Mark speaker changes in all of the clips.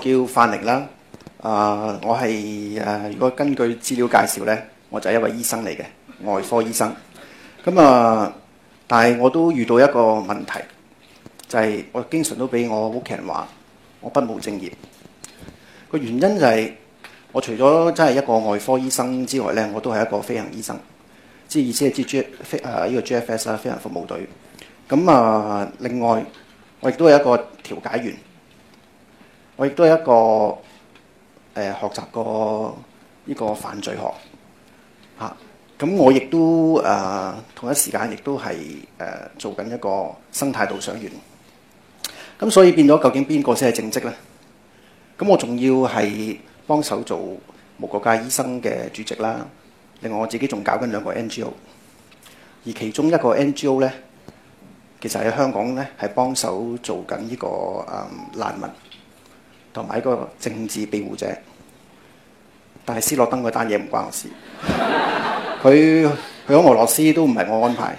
Speaker 1: 叫范寧啦，啊、呃，我係誒、呃，如果根據資料介紹咧，我就係一位醫生嚟嘅，外科醫生。咁啊、呃，但係我都遇到一個問題，就係、是、我經常都俾我屋企人話我不務正業。個原因就係、是、我除咗真係一個外科醫生之外咧，我都係一個飛行醫生，即係意思係接飛誒呢、呃這個 GFS 啦，飛行服務隊。咁啊、呃，另外我亦都係一個調解員。我亦都係一個誒學習過呢個犯罪學吓，咁我亦都誒同一時間亦都係誒做緊一個生態導賞員，咁所以變咗究竟邊個先係正職呢？咁我仲要係幫手做無國界醫生嘅主席啦，另外我自己仲搞緊兩個 NGO，而其中一個 NGO 呢，其實喺香港呢係幫手做緊呢個誒難民，同埋一個政治庇護者，但係斯諾登嗰單嘢唔關我事。佢佢去咗俄羅斯都唔係我安排。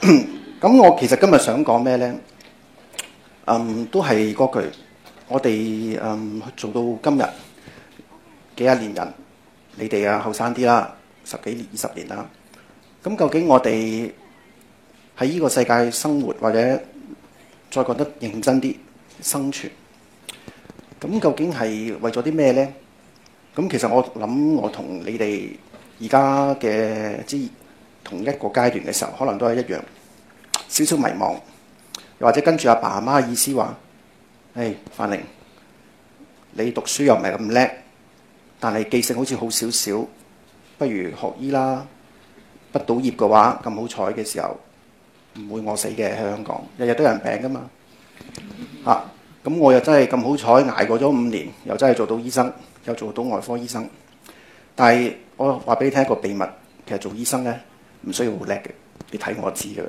Speaker 1: 咁 我其實今日想講咩呢？嗯，都係嗰句，我哋嗯做到今日幾廿年人，你哋啊後生啲啦，十幾年二十年啦。咁究竟我哋喺呢個世界生活，或者再覺得認真啲生存？咁究竟係為咗啲咩呢？咁其實我諗，我同你哋而家嘅即同一個階段嘅時候，可能都係一樣，少少迷茫，又或者跟住阿爸阿媽嘅意思話，唉、哎，范寧，你讀書又唔係咁叻，但係記性好似好少少，不如學醫啦。畢到業嘅話咁好彩嘅時候，唔會餓死嘅喺香港，日日都有人病噶嘛，嚇、啊。咁我又真係咁好彩捱過咗五年，又真係做到醫生，又做到外科醫生。但係我話俾你聽一個秘密，其實做醫生呢，唔需要好叻嘅，你睇我知嘅。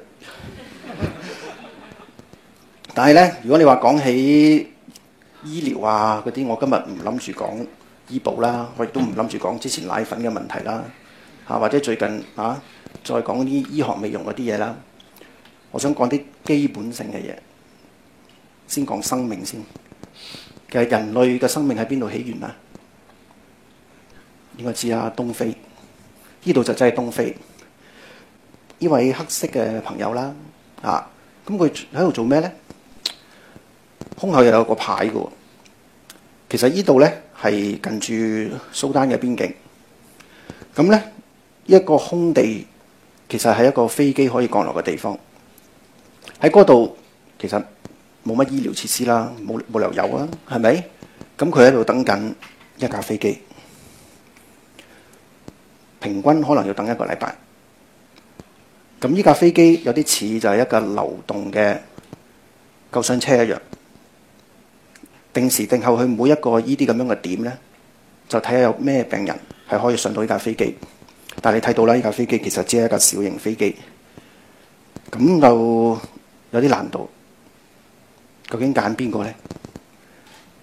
Speaker 1: 但係呢，如果你話講起醫療啊嗰啲，我今日唔諗住講醫保啦，我亦都唔諗住講之前奶粉嘅問題啦。啊，或者最近啊，再講啲醫學美容嗰啲嘢啦，我想講啲基本性嘅嘢。先講生命先。其實人類嘅生命喺邊度起源啊？應該知啊，東非。呢度就真係東非。呢位黑色嘅朋友啦，啊，咁佢喺度做咩呢？胸口又有個牌嘅。其實呢度呢係近住蘇丹嘅邊境。咁呢，一個空地，其實係一個飛機可以降落嘅地方。喺嗰度其實。冇乜醫療設施啦，冇冇燃油啊，係咪？咁佢喺度等緊一架飛機，平均可能要等一個禮拜。咁呢架飛機有啲似就係一個流動嘅救傷車一樣，定時定候去每一個呢啲咁樣嘅點呢，就睇下有咩病人係可以上到呢架飛機。但係你睇到啦，呢架飛機其實只係一架小型飛機，咁就有啲難度。究竟揀邊個呢？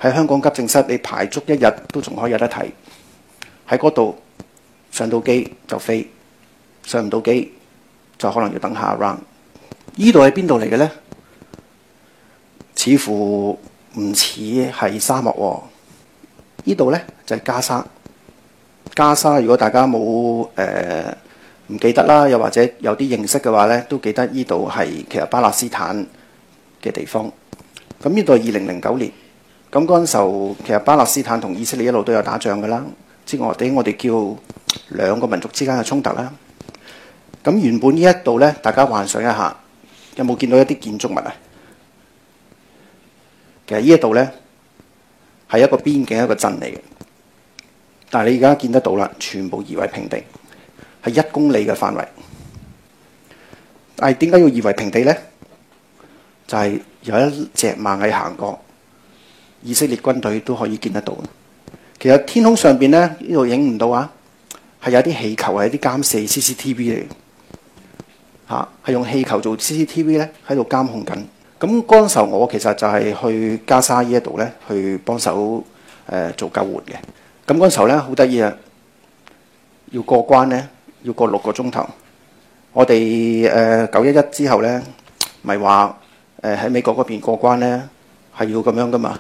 Speaker 1: 喺香港急症室，你排足一日都仲可以有得睇。喺嗰度上到機就飛，上唔到機就可能要等下 round。依度係邊度嚟嘅呢？似乎唔似係沙漠喎。依度呢，就係加沙。加沙，如果大家冇誒唔記得啦，又或者有啲認識嘅話呢，都記得依度係其實巴勒斯坦嘅地方。咁呢度係二零零九年，咁嗰陣時候，其實巴勒斯坦同以色列一路都有打仗噶啦，即我哋我哋叫兩個民族之間嘅衝突啦。咁原本呢一度呢，大家幻想一下，有冇見到一啲建築物啊？其實呢一度呢，係一個邊境一個鎮嚟嘅，但係你而家見得到啦，全部夷為平地，係一公里嘅範圍。但係點解要夷為平地呢？就係、是有一隻螞蟻行過，以色列軍隊都可以見得到嘅。其實天空上邊呢，呢度影唔到啊，係有啲氣球，係啲監視 CCTV 嚟嘅嚇，係用氣球做 CCTV 咧，喺度監控緊。咁嗰時候，我其實就係去加沙呢一度咧，去幫手誒、呃、做救援嘅。咁嗰時候咧，好得意啊！要過關咧，要過六個鐘頭。我哋誒九一一之後咧，咪話，誒喺美國嗰邊過關咧，係要咁樣噶嘛？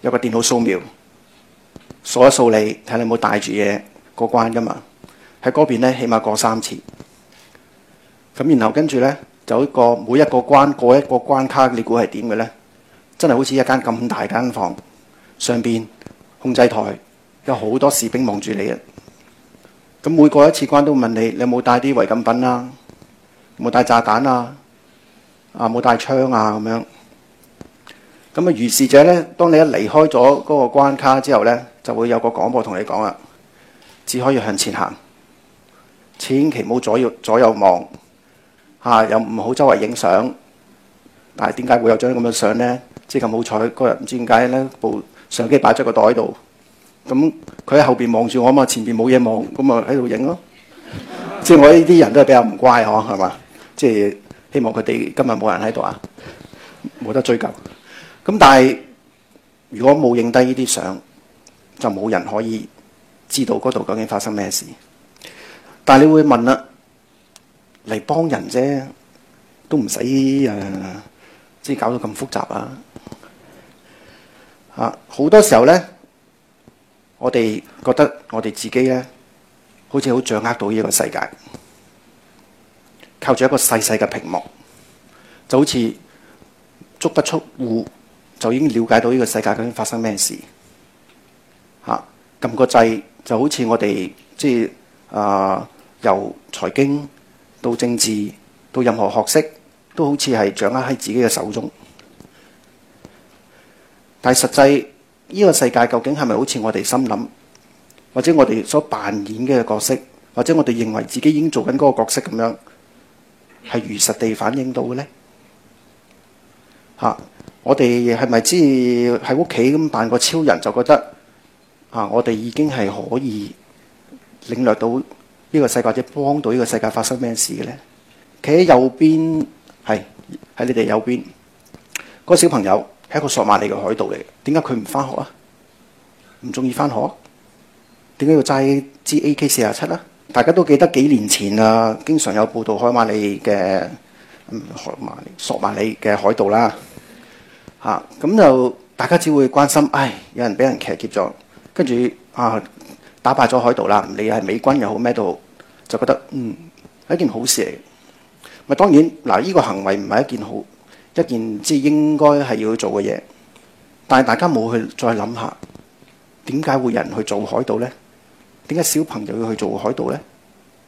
Speaker 1: 有個電腦掃描，掃一掃你，睇你有冇帶住嘢過關噶嘛？喺嗰邊咧，起碼過三次。咁然後跟住呢，就一個每一個關過一個關卡，你估係點嘅呢？真係好似一間咁大間房，上邊控制台有好多士兵望住你啊！咁每過一次關都問你，你有冇帶啲違禁品啊？冇帶炸彈啊？啊！冇帶槍啊，咁樣咁啊！如是者呢，當你一離開咗嗰個關卡之後呢，就會有個廣播同你講啦，只可以向前行，千祈唔好左右左右望嚇、啊，又唔好周圍影相。但係點解會有張咁嘅相呢？即係咁好彩，嗰人唔知點解呢，部相機擺咗個袋度。咁佢喺後邊望住我啊嘛，前邊冇嘢望，咁啊喺度影咯。即係我呢啲人都係比較唔乖嗬，係嘛？即係。希望佢哋今日冇人喺度啊，冇得追究。咁但係如果冇影低呢啲相，就冇人可以知道嗰度究竟發生咩事。但係你會問啦，嚟、啊、幫人啫，都唔使誒，即、啊、係、就是、搞到咁複雜啊！啊，好多時候咧，我哋覺得我哋自己咧，好似好掌握到呢個世界。靠住一個細細嘅屏幕，就好似足不出戶就已經了解到呢個世界究竟發生咩事嚇。撳個掣就好似我哋即係啊、呃，由財經到政治到任何學識，都好似係掌握喺自己嘅手中。但係實際呢個世界究竟係咪好似我哋心諗，或者我哋所扮演嘅角色，或者我哋認為自己已經做緊嗰個角色咁樣？係如實地反映到嘅咧？吓、啊、我哋係咪知喺屋企咁扮個超人就覺得啊？我哋已經係可以領略到呢個世界，或者幫到呢個世界發生咩事嘅咧？企喺右邊係喺你哋右邊嗰，那個小朋友，係一個索馬里嘅海盜嚟，點解佢唔返學啊？唔中意返學？點解要揸支 AK 四啊七啊？大家都記得幾年前啊，經常有報道海馬里嘅、嗯、海馬索馬里嘅海盜啦，嚇、啊、咁就大家只會關心，唉，有人俾人騎劫劫咗，跟住啊打敗咗海盜啦，你係美軍又好咩都好，就覺得嗯係一件好事嚟。咪當然嗱，依、呢個行為唔係一件好一件，即係應該係要做嘅嘢，但係大家冇去再諗下，點解會有人去做海盜呢？點解小朋友要去做海盜呢？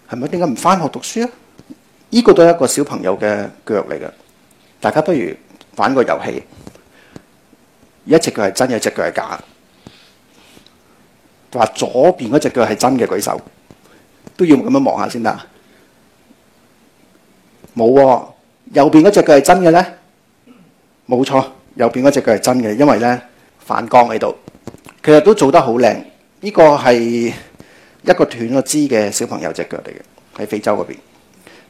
Speaker 1: 係咪點解唔返學讀書啊？呢個都係一個小朋友嘅腳嚟嘅，大家不如玩個遊戲，一隻腳係真，一隻腳係假。話左邊嗰隻腳係真嘅，舉手都要咁樣望下先得。冇右邊嗰隻腳係真嘅呢，冇錯，右邊嗰隻腳係真嘅，因為呢反光喺度，其實都做得好靚。呢個係～一個斷咗肢嘅小朋友隻腳嚟嘅，喺非洲嗰邊。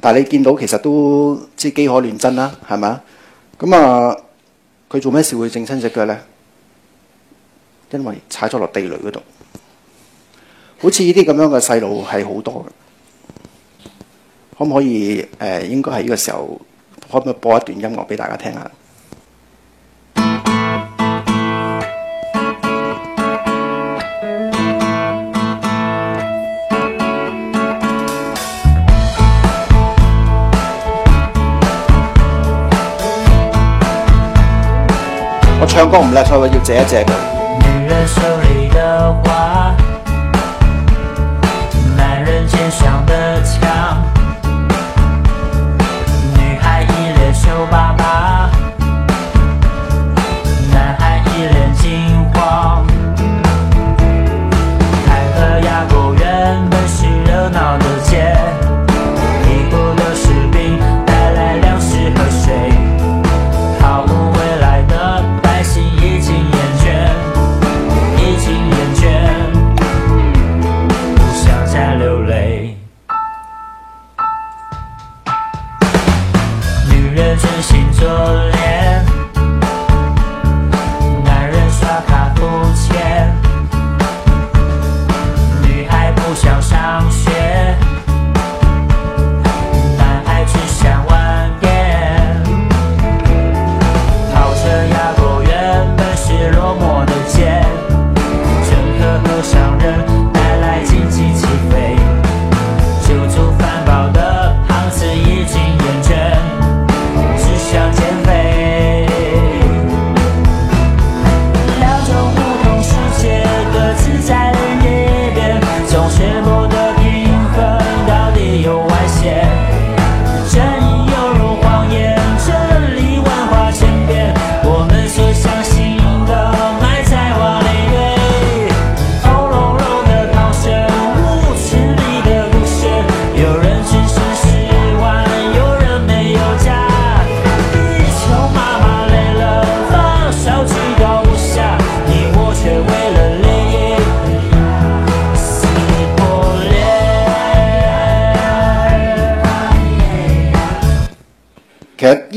Speaker 1: 但係你見到其實都知幾可亂真啦，係咪？咁啊，佢做咩事會整親隻腳呢？因為踩咗落地雷嗰度，好似呢啲咁樣嘅細路係好多嘅。可唔可以誒、呃？應該係呢個時候，可唔可以播一段音樂俾大家聽下？我唱歌唔叻，所以我要借一借
Speaker 2: 佢。女人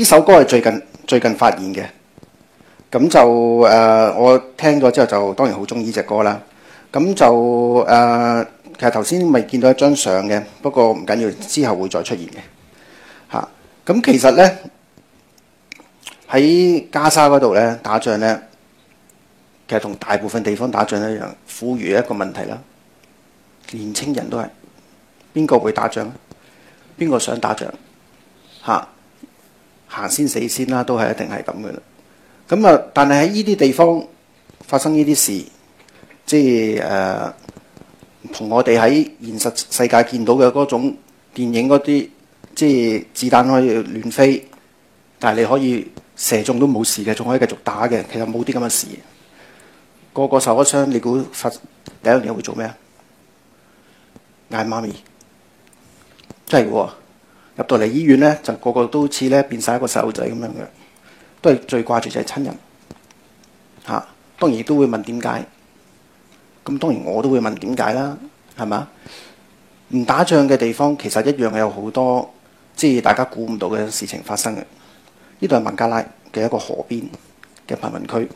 Speaker 1: 首歌係最近最近發現嘅，咁就誒、呃，我聽咗之後就當然好中意呢隻歌啦。咁就誒、呃，其實頭先咪見到一張相嘅，不過唔緊要，之後會再出現嘅。吓、啊，咁其實呢，喺加沙嗰度呢打仗呢，其實同大部分地方打仗一樣，富裕一個問題啦。年輕人都係，邊個會打仗？邊個想打仗？吓、啊？行先死先啦，都係一定係咁嘅啦。咁啊，但係喺呢啲地方發生呢啲事，即係誒，同、呃、我哋喺現實世界見到嘅嗰種電影嗰啲，即係子彈可以亂飛，但係你可以射中都冇事嘅，仲可以繼續打嘅。其實冇啲咁嘅事，個個受咗傷，你估第一樣嘢會做咩？嗌媽咪，真係喎！入到嚟醫院呢，就個個都好似咧，變晒一個細路仔咁樣嘅，都係最掛住就係親人嚇、啊。當然都會問點解，咁、啊、當然我都會問點解啦，係嘛？唔打仗嘅地方其實一樣有好多，即係大家估唔到嘅事情發生嘅。呢度係孟加拉嘅一個河邊嘅貧民區，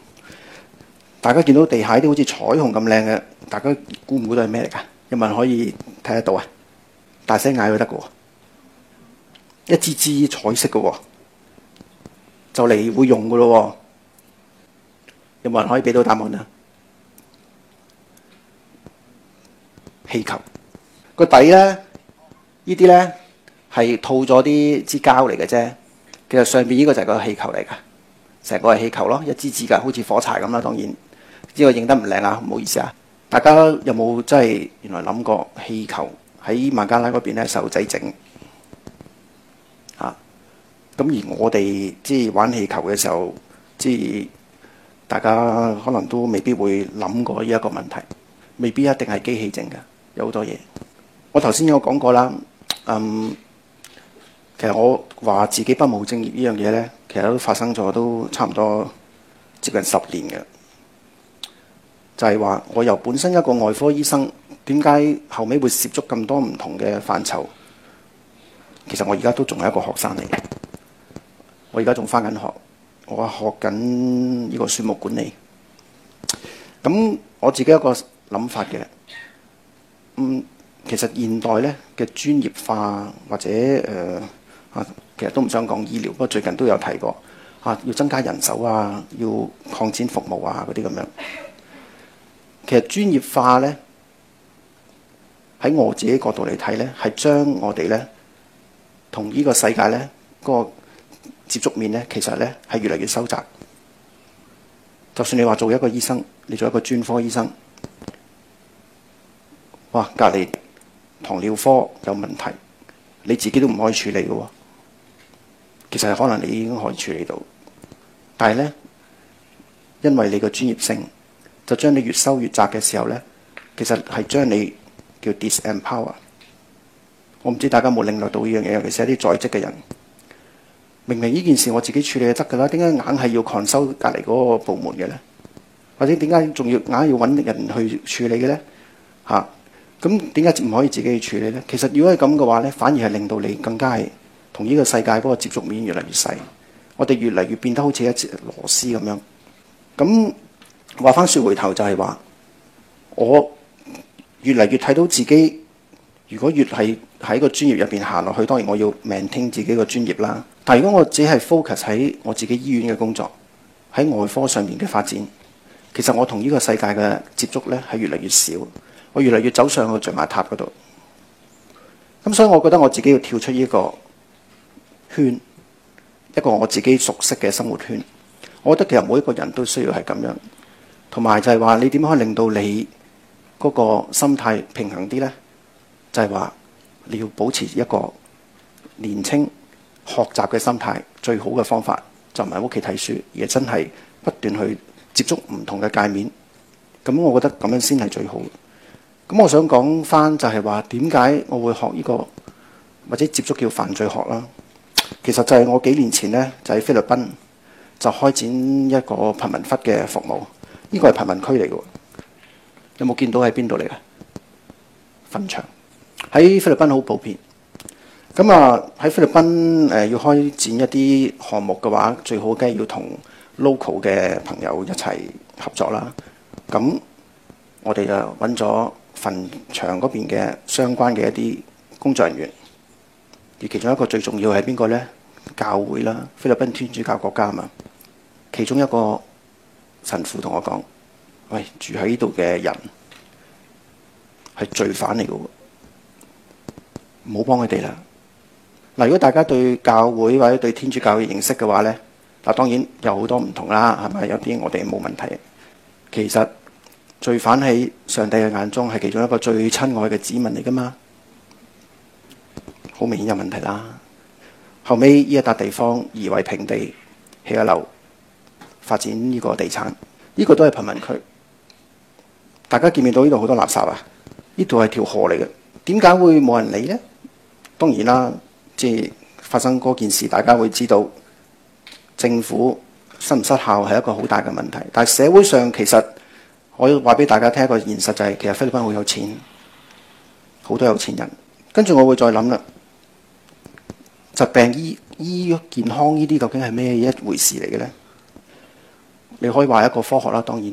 Speaker 1: 大家見到地下啲好似彩虹咁靚嘅，大家估唔估到係咩嚟噶？有冇人可以睇得到啊？大聲嗌佢得嘅喎。一支支彩色嘅、哦，就嚟會用嘅咯、哦，有冇人可以俾到答案啊？氣球個底咧，呢啲咧係套咗啲支膠嚟嘅啫，其實上邊呢個就係個氣球嚟嘅，成個係氣球咯，一支支嘅，好似火柴咁啦。當然呢個影得唔靚啦，唔好意思啊。大家有冇真係原來諗過氣球喺孟加拉嗰邊咧細路仔整？咁而我哋即係玩氣球嘅時候，即係大家可能都未必會諗過呢一個問題，未必一定係機器整嘅，有好多嘢。我頭先有講過啦，嗯，其實我話自己不務正業呢樣嘢呢，其實都發生咗，都差唔多接近十年嘅，就係話我由本身一個外科醫生，點解後尾會涉足咁多唔同嘅範疇？其實我而家都仲係一個學生嚟。我而家仲翻緊學，我學緊呢個樹木管理。咁我自己一個諗法嘅，咁、嗯、其實現代咧嘅專業化或者誒、呃、啊，其實都唔想講醫療，不過最近都有提過，啊要增加人手啊，要擴展服務啊嗰啲咁樣。其實專業化咧，喺我自己角度嚟睇咧，係將我哋咧同呢個世界咧嗰、嗰個接觸面咧，其實咧係越嚟越收窄。就算你話做一個醫生，你做一個專科醫生，哇，隔離糖尿科有問題，你自己都唔可以處理嘅喎、哦。其實可能你已經可以處理到，但係咧，因為你個專業性就將你越收越窄嘅時候咧，其實係將你叫 disempower。我唔知大家有冇領略到呢樣嘢，尤其是一啲在職嘅人。明明呢件事我自己處理就得㗎啦，點解硬係要擴收隔離嗰個部門嘅呢？或者點解仲要硬要揾人去處理嘅呢？吓、啊？咁點解唔可以自己去處理呢？其實如果係咁嘅話呢，反而係令到你更加係同呢個世界嗰個接觸面越嚟越細，我哋越嚟越變得好似一隻螺絲咁樣。咁話翻説回頭就係話，我越嚟越睇到自己。如果越係喺個專業入邊行落去，當然我要 maintain 自己個專業啦。但如果我只係 focus 喺我自己醫院嘅工作，喺外科上面嘅發展，其實我同呢個世界嘅接觸呢係越嚟越少，我越嚟越走上個象牙塔嗰度。咁所以，我覺得我自己要跳出呢個圈，一個我自己熟悉嘅生活圈。我覺得其實每一個人都需要係咁樣，同埋就係話你點樣可以令到你嗰個心態平衡啲呢？就係話你要保持一個年輕學習嘅心態，最好嘅方法就唔喺屋企睇書，而係真係不斷去接觸唔同嘅界面。咁我覺得咁樣先係最好。咁我想講翻就係話點解我會學呢個，或者接觸叫犯罪學啦。其實就係我幾年前呢，就喺菲律賓就開展一個貧民窟嘅服務，呢個係貧民區嚟嘅。有冇見到喺邊度嚟啊？墳場。喺菲律賓好普遍，咁啊喺菲律賓誒、呃、要開展一啲項目嘅話，最好梗係要同 local 嘅朋友一齊合作啦。咁我哋就揾咗墳場嗰邊嘅相關嘅一啲工作人員，而其中一個最重要係邊個呢？教會啦，菲律賓天主教國家啊嘛。其中一個神父同我講：「喂，住喺呢度嘅人係罪犯嚟㗎喎！唔好幫佢哋啦。嗱，如果大家對教會或者對天主教嘅認識嘅話呢，嗱，當然有好多唔同啦，係咪？有啲我哋冇問題。其實罪犯喺上帝嘅眼中係其中一個最親愛嘅子民嚟噶嘛，好明顯有問題啦。後尾呢一笪地方夷為平地，起咗樓發展呢個地產，呢個都係貧民區。大家見唔見到呢度好多垃圾啊？呢度係條河嚟嘅，點解會冇人理呢？當然啦，即係發生嗰件事，大家會知道政府失唔失效係一個好大嘅問題。但係社會上其實我要話俾大家聽一個現實就係，其實菲律賓好有錢，好多有錢人。跟住我會再諗啦，疾病醫醫藥健康呢啲究竟係咩一回事嚟嘅呢？你可以話一個科學啦，當然，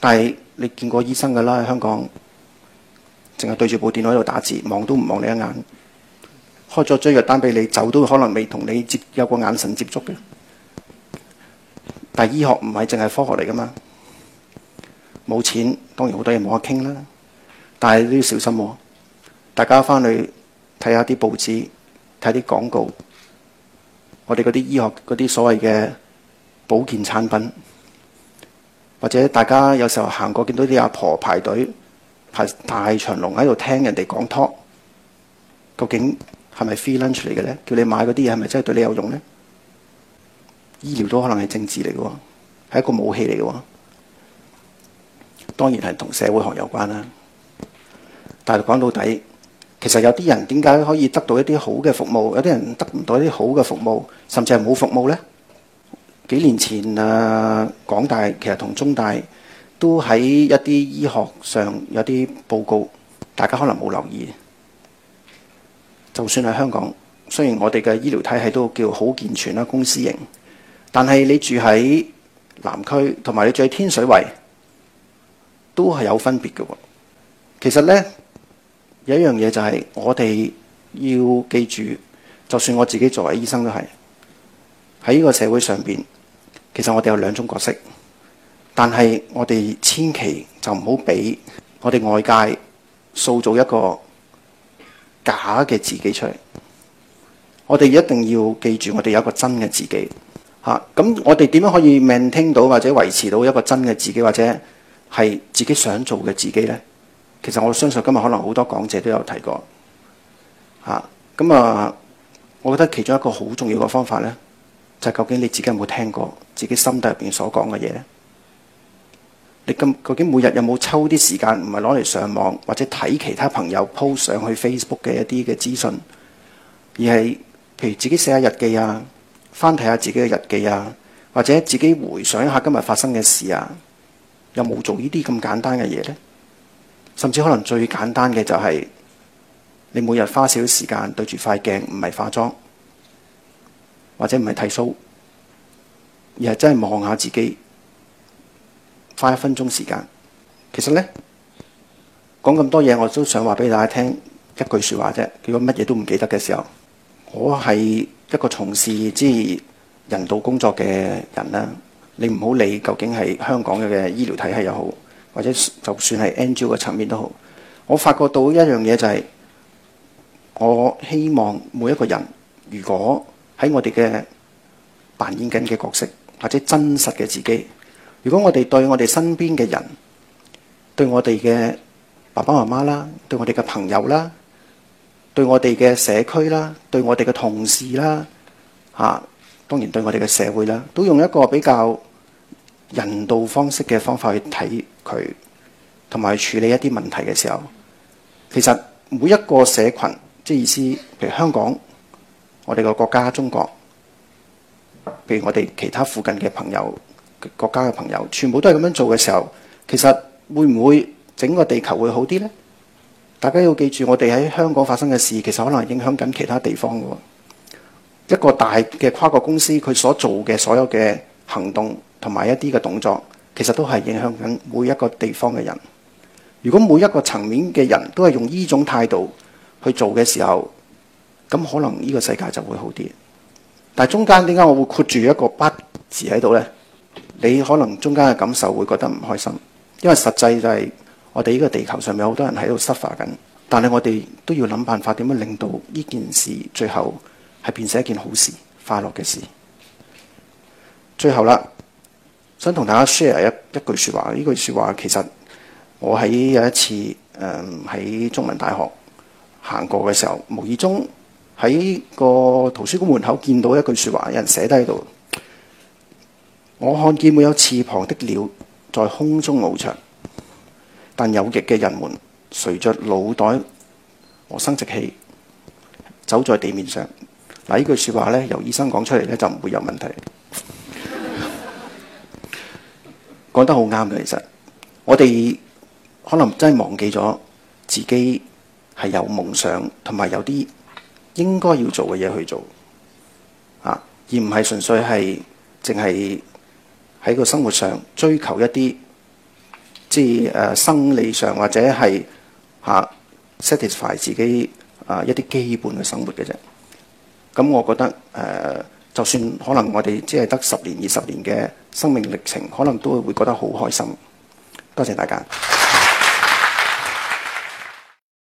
Speaker 1: 但係你見過醫生㗎啦，喺香港。淨係對住部電腦喺度打字，望都唔望你一眼，開咗張藥單俾你，走都可能未同你接有個眼神接觸嘅。但係醫學唔係淨係科學嚟噶嘛，冇錢當然好多嘢冇得傾啦，但係都要小心喔。大家翻去睇下啲報紙，睇啲廣告，我哋嗰啲醫學嗰啲所謂嘅保健產品，或者大家有時候行過見到啲阿婆排隊。係大長龍喺度聽人哋講 talk，ing，究竟係咪 free lunch 嚟嘅呢？叫你買嗰啲嘢係咪真係對你有用呢？醫療都可能係政治嚟嘅，係一個武器嚟嘅。當然係同社會學有關啦。但係講到底，其實有啲人點解可以得到一啲好嘅服務，有啲人得唔到一啲好嘅服務，甚至係冇服務呢？幾年前啊，港大其實同中大。都喺一啲醫學上有啲報告，大家可能冇留意。就算喺香港，雖然我哋嘅醫療體系都叫好健全啦，公私營，但係你住喺南區，同埋你住喺天水圍，都係有分別嘅。其實呢，有一樣嘢就係我哋要記住，就算我自己作為醫生都係喺呢個社會上面，其實我哋有兩種角色。但係我哋千祈就唔好俾我哋外界塑造一個假嘅自己出嚟。我哋一定要記住，我哋有一個真嘅自己。吓、啊，咁我哋點樣可以 maintain 到或者維持到一個真嘅自己，或者係自己想做嘅自己呢？其實我相信今日可能好多講者都有提過。吓、啊，咁啊，我覺得其中一個好重要嘅方法呢，就係、是、究竟你自己有冇聽過自己心底入邊所講嘅嘢呢？你咁究竟每日有冇抽啲時間，唔係攞嚟上網或者睇其他朋友 po 上去 Facebook 嘅一啲嘅資訊，而係譬如自己寫下日記啊，翻睇下自己嘅日記啊，或者自己回想一下今日發生嘅事啊，有冇做呢啲咁簡單嘅嘢呢？甚至可能最簡單嘅就係、係、你每日花少少時間對住塊鏡，唔係化妝或者唔係剃鬚，而係真係望下自己。花一分鐘時間，其實呢，講咁多嘢，我都想話俾大家聽一句説話啫。如果乜嘢都唔記得嘅時候，我係一個從事即係人道工作嘅人啦。你唔好理究竟係香港嘅醫療體系又好，或者就算係 NGO 嘅層面都好，我發覺到一樣嘢就係、是，我希望每一個人，如果喺我哋嘅扮演緊嘅角色，或者真實嘅自己。如果我哋對我哋身邊嘅人，對我哋嘅爸爸媽媽啦，對我哋嘅朋友啦，對我哋嘅社區啦，對我哋嘅同事啦，嚇、啊，當然對我哋嘅社會啦，都用一個比較人道方式嘅方法去睇佢，同埋去處理一啲問題嘅時候，其實每一個社群，即係意思，譬如香港，我哋個國家中國，譬如我哋其他附近嘅朋友。國家嘅朋友全部都係咁樣做嘅時候，其實會唔會整個地球會好啲呢？大家要記住，我哋喺香港發生嘅事，其實可能影響緊其他地方嘅。一個大嘅跨國公司佢所做嘅所有嘅行動同埋一啲嘅動作，其實都係影響緊每一個地方嘅人。如果每一個層面嘅人都係用呢種態度去做嘅時候，咁可能呢個世界就會好啲。但係中間點解我會括住一個不字喺度呢？你可能中間嘅感受會覺得唔開心，因為實際就係我哋呢個地球上面好多人喺度 suffer 緊，但係我哋都要諗辦法點樣令到呢件事最後係變成一件好事、快樂嘅事。最後啦，想同大家 share 一一句説話，呢句説話其實我喺有一次誒喺、嗯、中文大學行過嘅時候，無意中喺個圖書館門口見到一句説話，有人寫低喺度。我看見沒有翅膀的鳥在空中翱翔，但有翼嘅人們隨着腦袋和生殖器走在地面上。嗱，呢句説話呢，由醫生講出嚟呢，就唔會有問題。講 得好啱嘅，其實我哋可能真係忘記咗自己係有夢想同埋有啲應該要做嘅嘢去做啊，而唔係純粹係淨係。喺個生活上追求一啲，即係、呃、生理上或者係吓、啊、satisfy 自己啊、呃、一啲基本嘅生活嘅啫。咁、嗯、我覺得誒、呃，就算可能我哋只係得十年二十年嘅生命歷程，可能都
Speaker 2: 會覺得好開心。多謝大家。